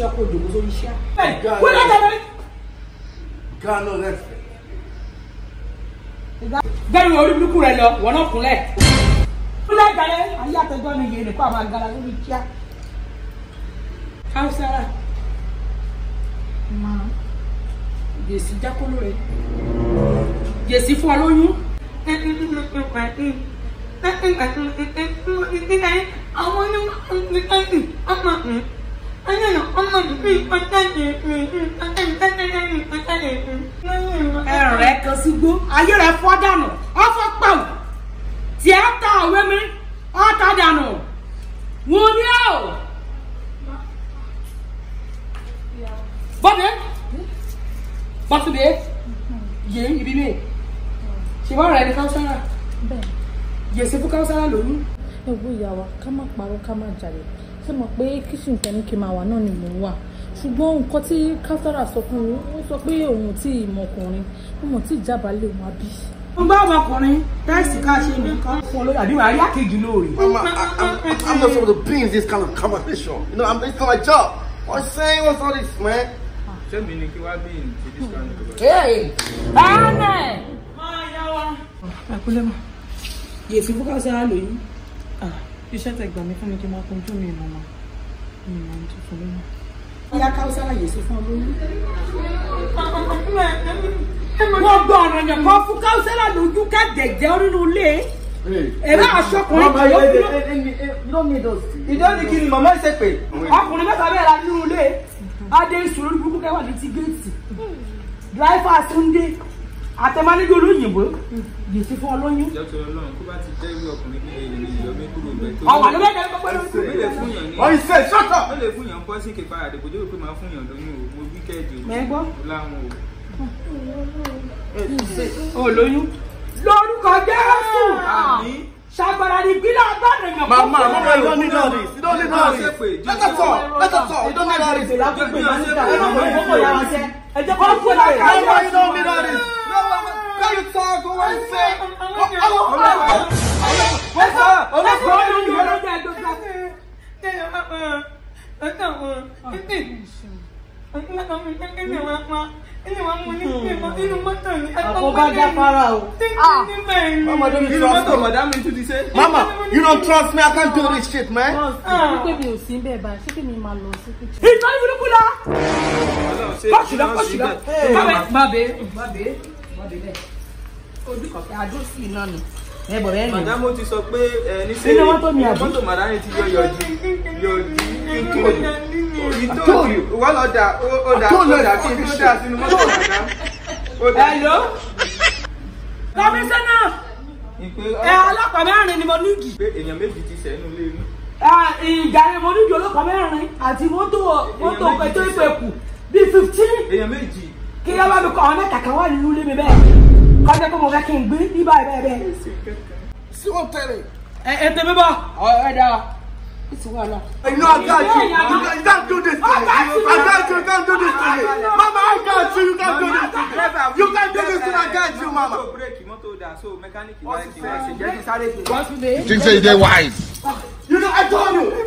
iṣẹ́ kó jòkó sórí iṣẹ́. wọ́n lọ́jà bẹ́ẹ̀. gánà rẹ̀fẹ̀. bẹ́ẹ̀ni orí burúkú rẹ lọ wọ́n náà kúnlẹ̀. kúnlẹ̀ gbalẹ̀ ayé àtẹjọ́ ni yéé nìkan àwọn agara lórí kíá. hausara máa yèsí jákòló rẹ yèsí fún ọ lóyún àwọn ní ọmọ ẹ̀rọ rẹ̀ kan sígbó ayé rẹ̀ fọ́ dànù ọ̀fọ̀ pàwọ̀ tí ẹ ta òwe mi ọ̀tá dànù wò ní ọ̀ bọ́dé bọ́túndé yé ibi mi ṣe bá ọ̀rọ̀ ẹni káwùsára yèsè fún káwùsára lòún. ẹ wo ìyàwó ká má parọ́ ká má jalè ṣe mọ̀ pé kitchen tẹ̀mí kí máa wà náà ni mò wà ṣùgbọ́n nǹkan tí kására sọ fún mi ó sọ pé òun tí ì mọkùnrin tí ìjábàálẹ̀ òun á bí. mo bá ọmọkùnrin táìsì ká ṣe nìkan. fún olóyè àdìmọ̀ àríyá kejì lóore. I'm not supposed to be in this kind of conversation you know I'm, it's not my job what's saying what's all this man. tẹ́mi ni kí wá bí in this kind of conversation. báàmẹ̀. máa yá wa. àkúlẹ̀ mọ̀ yèéfín fún kására lóyún iṣẹ́ tẹ gbà mí fún mi kí n máa kojú mi ìmọ̀ mọ́ mi ìmọ̀ ní tuntun lónìí. ìyá káwùsá láyè sí fún olórí. wọ́n gbọ́ ọ̀rọ̀ yẹn kọ́ fún káwùsá lójú ká jẹ̀jẹ̀ nínú ilé. Èrè aṣọkùnrin kì yóò fi ìdó ni kí ni màmá ṣe pé. Ọkùnrin mẹ́ta bẹ́ẹ̀ la nínú ilé. Adé ìṣòro ní burúkú kẹwàá ní ti géètì. Dráífà Túndé àtẹ̀mánigbé olóyìnbó yìí fún ọlọ́yún. jọ́tọ̀ ọlọ́run kó bá ti ló bẹ́ẹ̀ dẹ́rẹ́ fún yàn ní. ọ̀yìn ṣe ṣọ́tọ̀. ó lè fún yàn pọ́ sí kẹfà àdìgbò tó pé máa fún yàn lóyún o mo wíkẹ́ẹ̀dì o. láwọn o. olóyún. lórúkọ Jésù. àmín. ṣàgbára ni Mama, mama, you don't need all this. You don't need all this. Let us talk. Let us talk. You don't need all this. Ẹ jẹ́ kó fún ẹ. Mama, you don't need all this. Can you you Go and say. What's up? What's up? What's up? Mama, you don't trust me. I can't do this shit, man. He's not even kula. Kọsùlá, kọsùlá. Babe, babe, babe. Ojú kọ̀ọ̀kan àjọ sí iná ni ẹ bọ̀ bẹ́ẹ̀ ni. màdàmú ti sọ pé ní sẹ́yìn mọ́tò màdàmú ti yọ yọjú yọjú kíkọ́ èyí tó jù wọ́n lọ dà ó dà ó dà kí n tó dà sínú mọ́tò ọ̀gá. ẹ̀ló kọmíṣánná ẹ ọlọ́pàá mẹ́rin ni mo nídìí. pé èèyàn méjì ti sẹ́nu lé mi. ìgbà yẹn mo nídìí ọlọ́pàá mẹ́rin àti mọ́tò mọ́tò pẹ̀tọ́ ìpè kù bíi fifteen. èèyàn méjì. kí ló bá mi kọ́ ọ̀nà kàkà wà nínú ilé mi bẹ́ẹ̀ kọjá pé mo fẹ́ kí n gbé ní báyìí bẹ́ẹ̀ bẹ́ẹ̀. sí wọn tẹ̀lé. ẹ ẹ tẹ mi bọ. ọ ẹ dáa. It's well I know I got you. You can't do this to me. I got you. You can't do this to me. Mama, I got you. You can't do this to me. You can't do this to me. I got you, Mama. You think say they wise? You know, I told you.